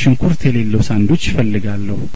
ሽንኩርት የሌለው ሳንዱች ፈልጋለሁ